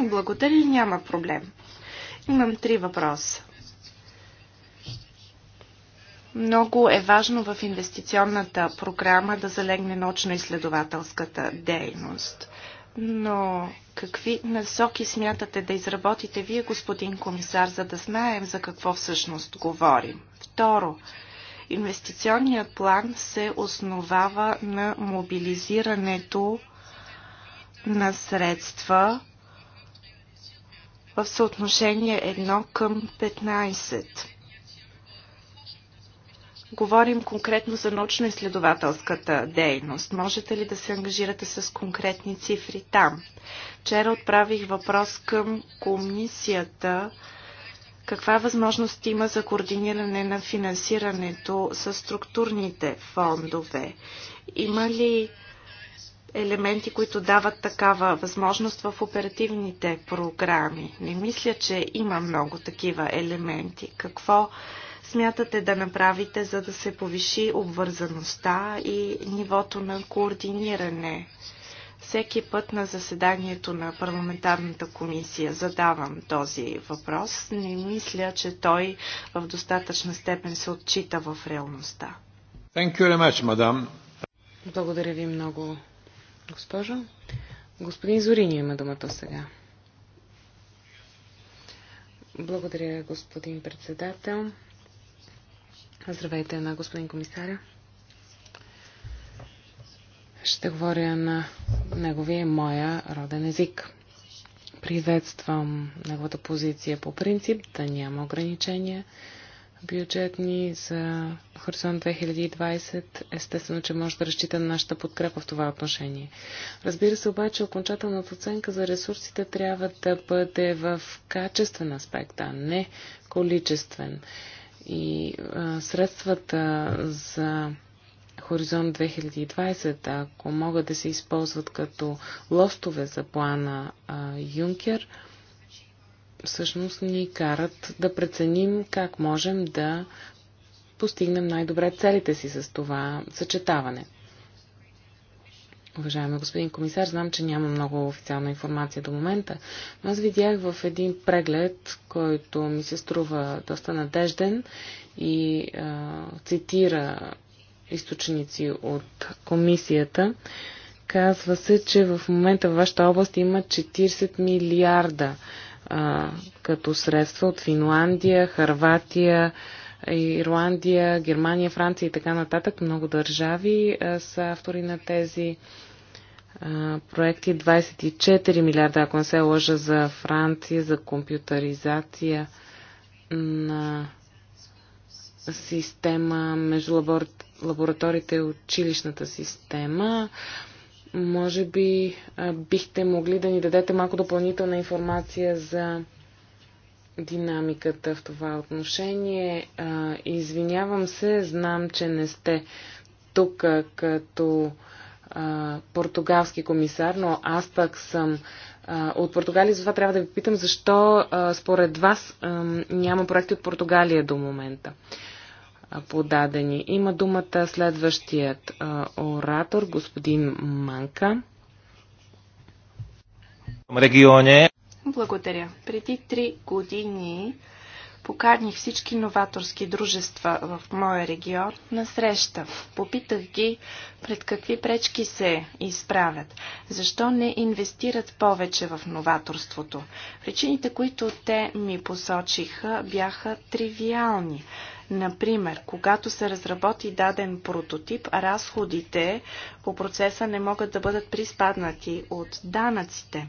Благодаря, няма проблем. Имам три въпроса. Много е важно в инвестиционната програма да залегне научно-изследователската дейност. Но какви насоки смятате да изработите вие, господин комисар, за да знаем за какво всъщност говорим? Второ, инвестиционният план се основава на мобилизирането на средства в съотношение 1 към 15. Говорим конкретно за научно-изследователската дейност. Можете ли да се ангажирате с конкретни цифри там? Вчера отправих въпрос към комисията каква възможност има за координиране на финансирането с структурните фондове? Има ли елементи, които дават такава възможност в оперативните програми? Не мисля, че има много такива елементи. Какво смятате да направите, за да се повиши обвързаността и нивото на координиране? Всеки път на заседанието на парламентарната комисия задавам този въпрос. Не мисля, че той в достатъчна степен се отчита в реалността. Thank you very much, madam. Благодаря ви много, госпожо. Господин Зорини има думата сега. Благодаря, господин председател. Здравейте на господин комисаря. Ще говоря на неговия и моя роден език. Приветствам неговата позиция по принцип да няма ограничения бюджетни за Хоризонт 2020, естествено, че може да разчита на нашата подкрепа в това отношение. Разбира се обаче, окончателната оценка за ресурсите трябва да бъде в качествен аспект, а не количествен. И а, средствата за Хоризонт 2020, ако могат да се използват като лостове за плана а, Юнкер, всъщност ни карат да преценим как можем да постигнем най-добре целите си с това съчетаване. Уважаеми господин комисар, знам, че няма много официална информация до момента, но аз видях в един преглед, който ми се струва доста надежден и а, цитира източници от комисията. Казва се, че в момента във вашата област има 40 милиарда а, като средства от Финландия, Харватия, Ирландия, Германия, Франция и така нататък. Много държави а, са автори на тези а, проекти. 24 милиарда, ако не се лъжа, за Франция, за компютъризация на система между лабор... лабораториите и училищната система. Може би бихте могли да ни дадете малко допълнителна информация за динамиката в това отношение. Извинявам се, знам, че не сте тук като португалски комисар, но аз пък съм от Португалия, затова трябва да ви питам защо според вас няма проекти от Португалия до момента подадени. Има думата следващият оратор, господин Манка. Регионе. Благодаря. Преди три години поканих всички новаторски дружества в моя регион на среща. Попитах ги пред какви пречки се изправят, защо не инвестират повече в новаторството. Причините, които те ми посочиха, бяха тривиални. Например, когато се разработи даден прототип, разходите по процеса не могат да бъдат приспаднати от данъците.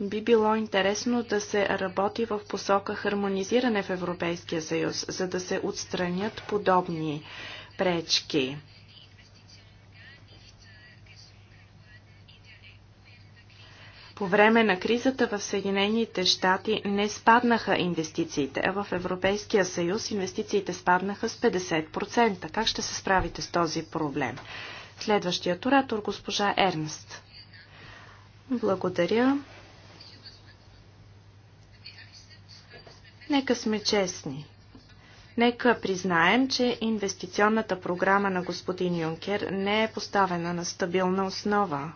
Би било интересно да се работи в посока хармонизиране в Европейския съюз, за да се отстранят подобни пречки. По време на кризата в Съединените щати не спаднаха инвестициите, а в Европейския съюз инвестициите спаднаха с 50%. Как ще се справите с този проблем? Следващият оратор госпожа Ернст. Благодаря. Нека сме честни. Нека признаем, че инвестиционната програма на господин Юнкер не е поставена на стабилна основа.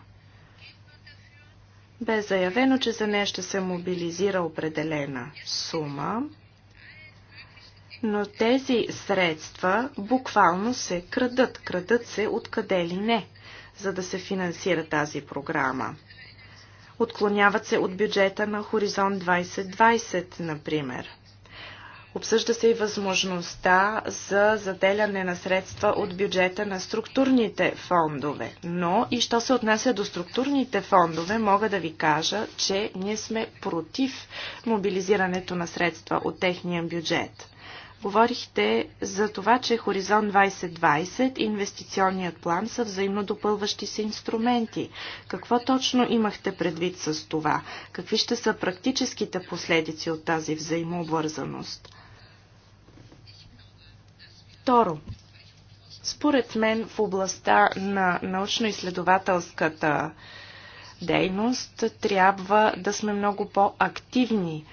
Бе заявено, че за нея ще се мобилизира определена сума, но тези средства буквално се крадат. Крадат се откъде ли не, за да се финансира тази програма. Отклоняват се от бюджета на Хоризонт 2020, например – Обсъжда се и възможността за заделяне на средства от бюджета на структурните фондове. Но и що се отнася до структурните фондове, мога да ви кажа, че ние сме против мобилизирането на средства от техния бюджет. Говорихте за това, че Хоризонт 2020 и инвестиционният план са взаимно допълващи се инструменти. Какво точно имахте предвид с това? Какви ще са практическите последици от тази взаимообвързаност? Второ, според мен в областта на научно-изследователската дейност трябва да сме много по-активни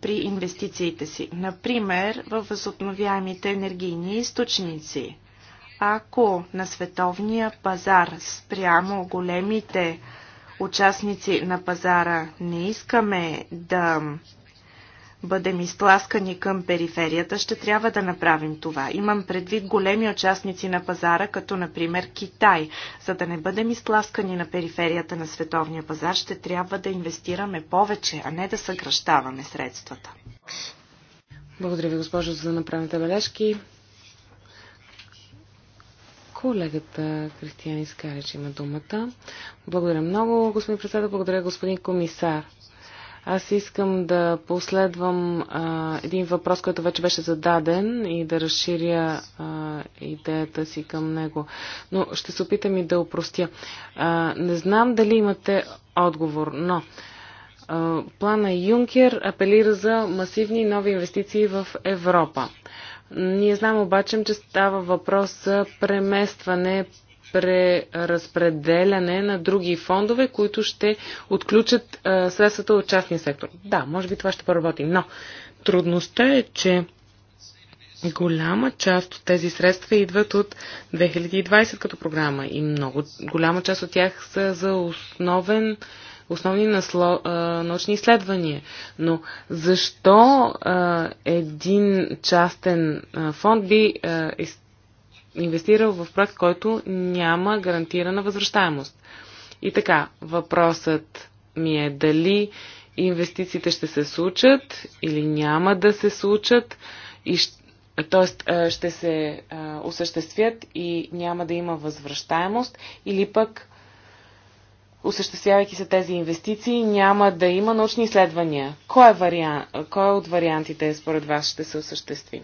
при инвестициите си. Например, в възобновяемите енергийни източници. Ако на световния пазар спрямо големите участници на пазара не искаме да бъдем изтласкани към периферията, ще трябва да направим това. Имам предвид големи участници на пазара, като например Китай. За да не бъдем изтласкани на периферията на световния пазар, ще трябва да инвестираме повече, а не да съкръщаваме средствата. Благодаря ви, госпожо, за да направените бележки. Колегата Кристиян Искарич има думата. Благодаря много, господин председател. Благодаря, господин комисар. Аз искам да последвам а, един въпрос, който вече беше зададен и да разширя а, идеята си към него. Но ще се опитам и да упростя. А, не знам дали имате отговор, но а, плана Юнкер апелира за масивни нови инвестиции в Европа. Ние знам обаче, че става въпрос за преместване преразпределяне на други фондове, които ще отключат а, средствата от частния сектор. Да, може би това ще поработи, но трудността е, че голяма част от тези средства идват от 2020 като програма и много голяма част от тях са за основен основни насло, а, научни изследвания. Но защо а, един частен а, фонд би а, из, инвестирал в проект, който няма гарантирана възвръщаемост. И така, въпросът ми е дали инвестициите ще се случат или няма да се случат и т.е. ще се осъществят и няма да има възвръщаемост или пък осъществявайки се тези инвестиции, няма да има научни изследвания. Кой е, вариант, кой от вариантите според вас ще се осъществи?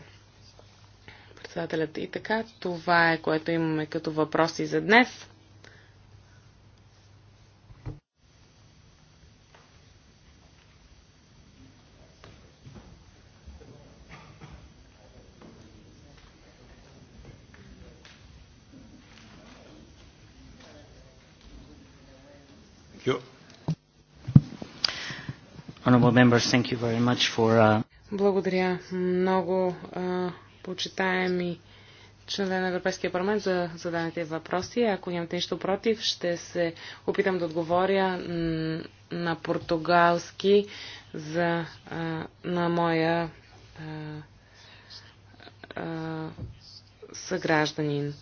Председателят и така, това е което имаме като въпроси за днес. Uh, Благодаря много почитаеми членове на Европейския парламент за зададените въпроси. Ако нямате нищо против, ще се опитам да отговоря на португалски за, на моя съгражданин.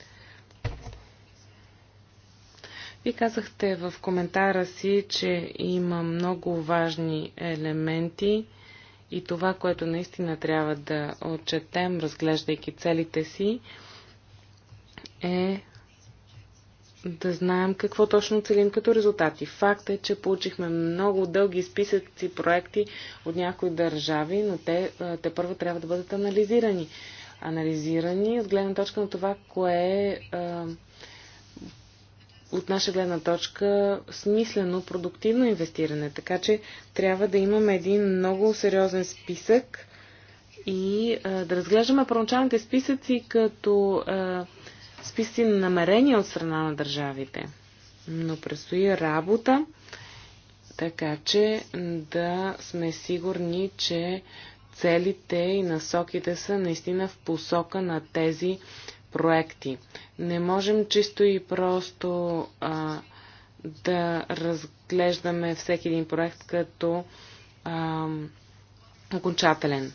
Ви казахте в коментара си, че има много важни елементи и това, което наистина трябва да отчетем, разглеждайки целите си, е да знаем какво точно целим като резултати. Факт е, че получихме много дълги списъци проекти от някои държави, но те, те първо трябва да бъдат анализирани. Анализирани от гледна точка на това, кое е от наша гледна точка смислено, продуктивно инвестиране. Така че трябва да имаме един много сериозен списък и а, да разглеждаме първоначалните списъци като а, списъци на намерения от страна на държавите. Но предстои работа, така че да сме сигурни, че целите и насоките са наистина в посока на тези проекти. Не можем чисто и просто а, да разглеждаме всеки един проект като а, окончателен.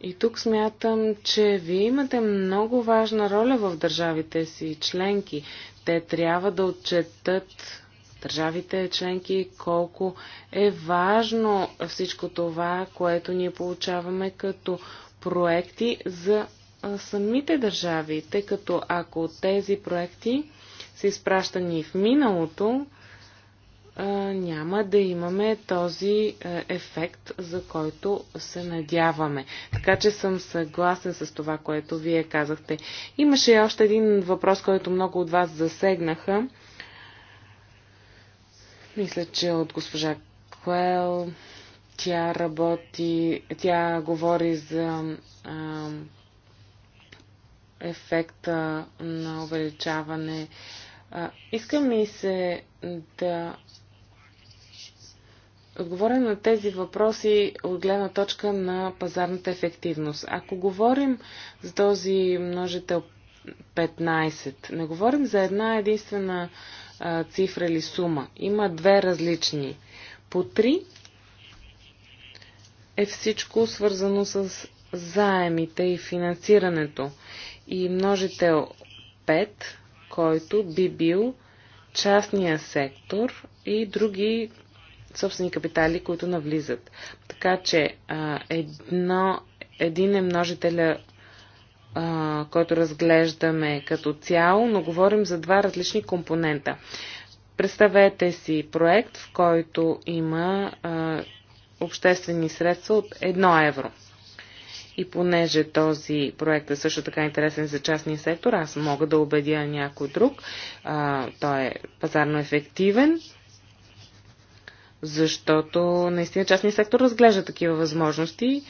И тук смятам, че вие имате много важна роля в държавите си членки. Те трябва да отчетат държавите членки колко е важно всичко това, което ние получаваме като проекти за самите държави, тъй като ако тези проекти са изпращани в миналото, няма да имаме този ефект, за който се надяваме. Така че съм съгласен с това, което вие казахте. Имаше и още един въпрос, който много от вас засегнаха. Мисля, че от госпожа Куел. Тя работи, тя говори за а, ефекта на увеличаване. Иска ми се да отговоря на тези въпроси от гледна точка на пазарната ефективност. Ако говорим с този множител 15, не говорим за една единствена цифра или сума. Има две различни. По 3 е всичко свързано с заемите и финансирането и множител 5, който би бил частния сектор и други собствени капитали, които навлизат. Така че а, едно, един е множителя, а, който разглеждаме като цяло, но говорим за два различни компонента. Представете си проект, в който има а, обществени средства от 1 евро. И понеже този проект е също така интересен за частния сектор, аз мога да убедя някой друг. А, той е пазарно ефективен, защото наистина частния сектор разглежда такива възможности.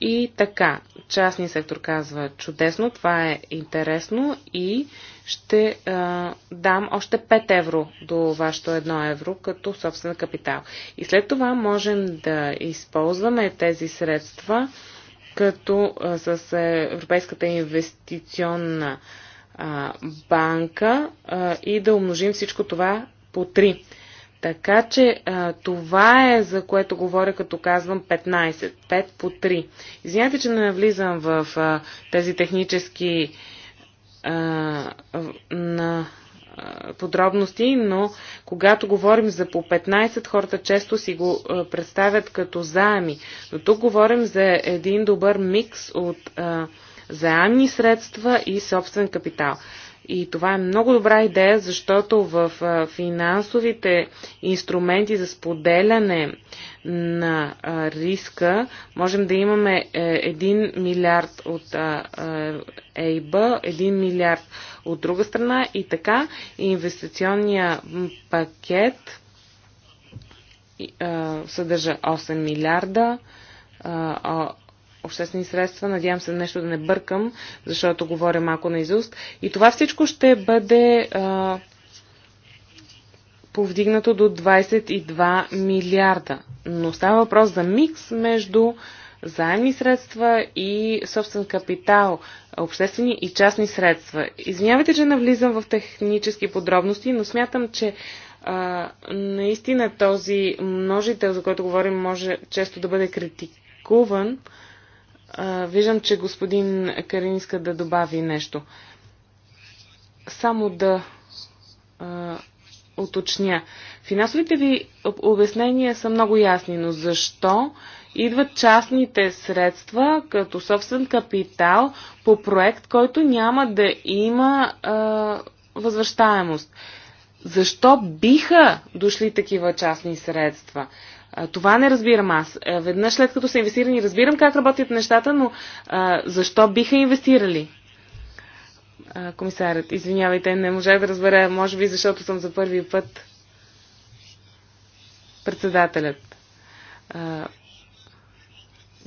И така, частния сектор казва чудесно, това е интересно и ще а, дам още 5 евро до вашето 1 евро като собствен капитал. И след това можем да използваме тези средства като а, с е, Европейската инвестиционна а, банка а, и да умножим всичко това по 3. Така че а, това е за което говоря като казвам 15. 5 по 3. Извинявайте, че не навлизам в а, тези технически а, на подробности, но когато говорим за по 15, хората често си го е, представят като заеми. Но тук говорим за един добър микс от е, заемни средства и собствен капитал. И това е много добра идея, защото в финансовите инструменти за споделяне на риска можем да имаме 1 е, милиард от ЕИБ, 1 милиард от друга страна и така инвестиционния пакет съдържа 8 милиарда, обществени средства. Надявам се нещо да не бъркам, защото говоря малко на изуст. И това всичко ще бъде а, повдигнато до 22 милиарда. Но става въпрос за микс между заемни средства и собствен капитал, обществени и частни средства. Извинявайте, че навлизам в технически подробности, но смятам, че а, наистина този множител, за който говорим, може често да бъде критикуван виждам, че господин Карин иска да добави нещо. Само да а, уточня. Финансовите ви обяснения са много ясни, но защо идват частните средства като собствен капитал по проект, който няма да има а, възвръщаемост? Защо биха дошли такива частни средства? това не разбирам аз. Е, веднъж след като са инвестирани, разбирам как работят нещата, но защо биха инвестирали? комисарят, извинявайте, не може да разбера, може би защото съм за първи път председателят.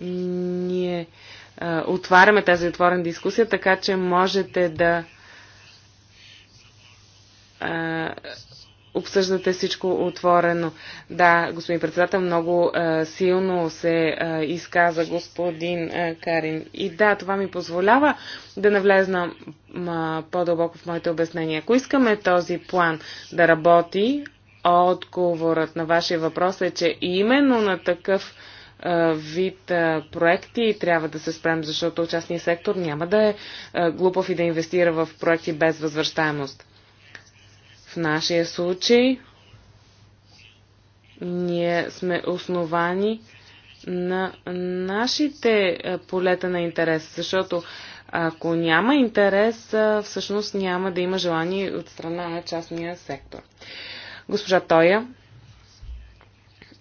ние отваряме тази отворена дискусия, така че можете да обсъждате всичко отворено. Да, господин председател, много а, силно се а, изказа господин а, Карин. И да, това ми позволява да навлезна по-дълбоко в моите обяснения. Ако искаме този план да работи, отговорът на вашия въпрос е, че именно на такъв вид проекти трябва да се спрем, защото частния сектор няма да е глупав и да инвестира в проекти без възвръщаемост. В нашия случай ние сме основани на нашите полета на интерес, защото ако няма интерес, всъщност няма да има желание от страна на частния сектор. Госпожа Тоя,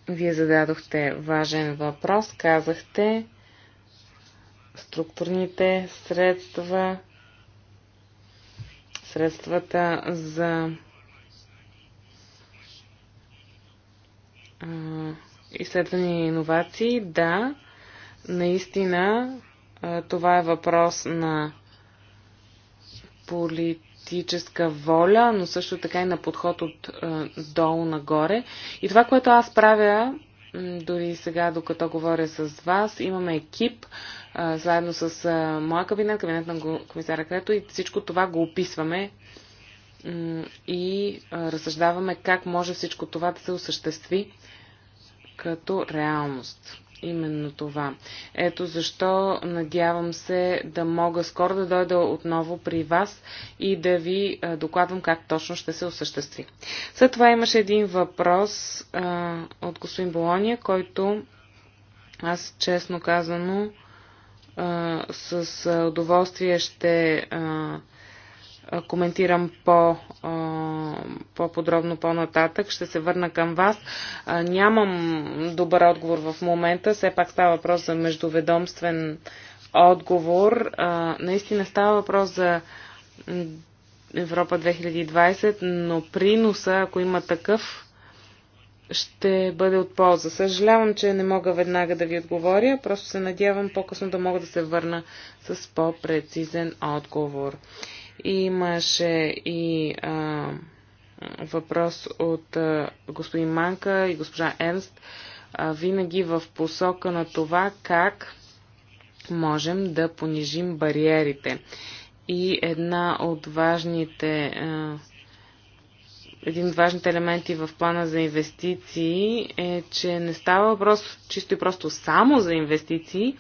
вие зададохте важен въпрос. Казахте структурните средства, средствата за изследвания и иновации, да, наистина това е въпрос на политическа воля, но също така и на подход от долу нагоре. И това, което аз правя, дори сега, докато говоря с вас, имаме екип, заедно с моя кабинет, кабинет на комисара Крето и всичко това го описваме и разсъждаваме как може всичко това да се осъществи като реалност. Именно това. Ето защо надявам се да мога скоро да дойда отново при вас и да ви докладвам как точно ще се осъществи. След това имаше един въпрос а, от господин Болония, който аз честно казано а, с удоволствие ще а, коментирам по, по-подробно по-нататък. Ще се върна към вас. Нямам добър отговор в момента. Все пак става въпрос за междуведомствен отговор. Наистина става въпрос за Европа 2020, но приноса, ако има такъв, ще бъде от полза. Съжалявам, че не мога веднага да ви отговоря, просто се надявам по-късно да мога да се върна с по-прецизен отговор. Имаше и а, въпрос от а, господин Манка и госпожа Енст, а, винаги в посока на това как можем да понижим бариерите. И една от важните а, един от важните елементи в плана за инвестиции е, че не става въпрос чисто и просто само за инвестиции,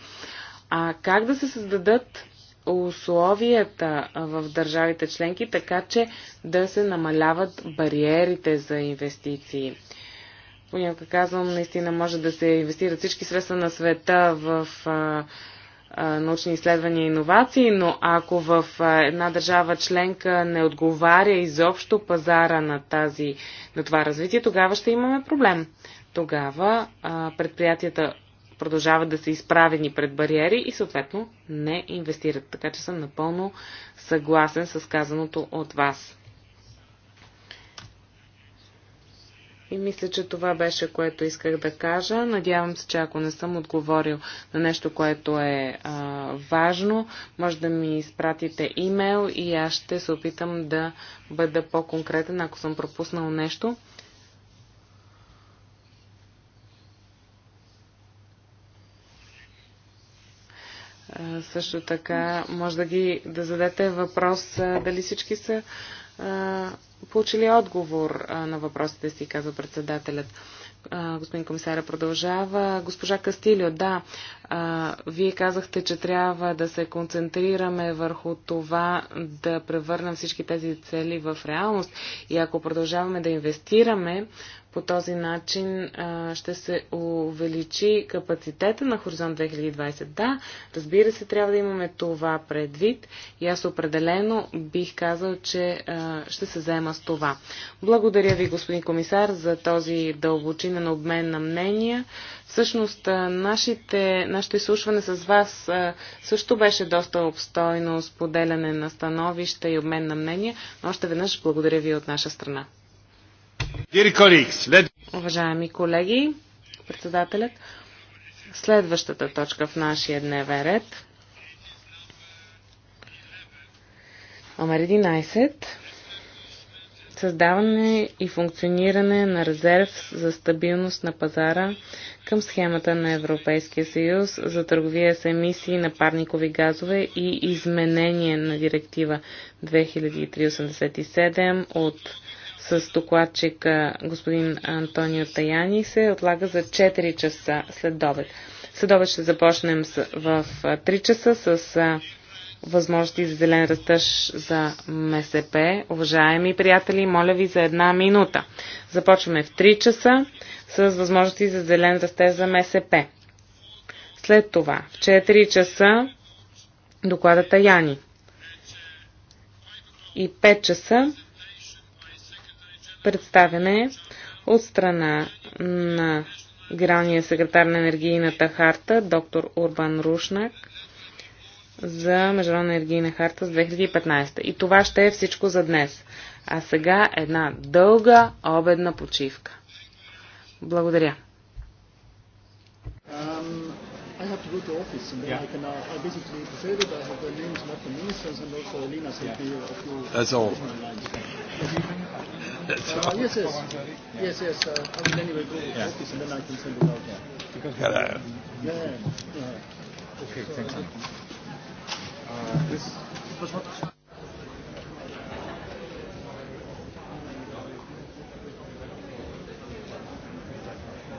а как да се създадат условията в държавите членки, така че да се намаляват бариерите за инвестиции. Понякога казвам, наистина може да се инвестират всички средства на света в а, а, научни изследвания и иновации, но ако в а, една държава членка не отговаря изобщо пазара на, тази, на това развитие, тогава ще имаме проблем. Тогава а, предприятията продължават да са изправени пред бариери и съответно не инвестират. Така че съм напълно съгласен с казаното от вас. И мисля, че това беше, което исках да кажа. Надявам се, че ако не съм отговорил на нещо, което е а, важно, може да ми изпратите имейл и аз ще се опитам да бъда по-конкретен, ако съм пропуснал нещо. също така може да ги да зададете въпрос дали всички са получили отговор на въпросите си, каза председателят. господин комисаря продължава. Госпожа Кастилио, да, вие казахте, че трябва да се концентрираме върху това да превърнем всички тези цели в реалност. И ако продължаваме да инвестираме по този начин а, ще се увеличи капацитета на Хоризонт 2020. Да, разбира се, трябва да имаме това предвид и аз определено бих казал, че а, ще се заема с това. Благодаря ви, господин комисар, за този дълбочинен обмен на мнения. Всъщност, нашите, нашето изслушване с вас а, също беше доста обстойно, споделяне на становища и обмен на мнения. Но още веднъж благодаря ви от наша страна. Уважаеми колеги, председателят, следващата точка в нашия дневен ред, номер 11, създаване и функциониране на резерв за стабилност на пазара към схемата на Европейския съюз за търговия с емисии на парникови газове и изменение на директива 2387 от с докладчика господин Антонио Таяни се отлага за 4 часа след обед. След обед ще започнем в 3 часа с възможности за зелен растъж за МСП. Уважаеми приятели, моля ви за една минута. Започваме в 3 часа с възможности за зелен растеж за МСП. След това в 4 часа докладата Яни. И 5 часа представяне от страна на генералния секретар на енергийната харта, доктор Урбан Рушнак, за Международна енергийна харта с 2015. И това ще е всичко за днес. А сега една дълга обедна почивка. Благодаря. Um, I have to go to office and then yeah. I can uh, I basically it. I have the names of the ministers and also yeah. a few. That's all. That's yes, yes, yes, yes. Uh, I will anyway go yeah. office and then I can send it out. Yeah. Because Hello. Yeah. yeah. Okay, you. Uh, this was what.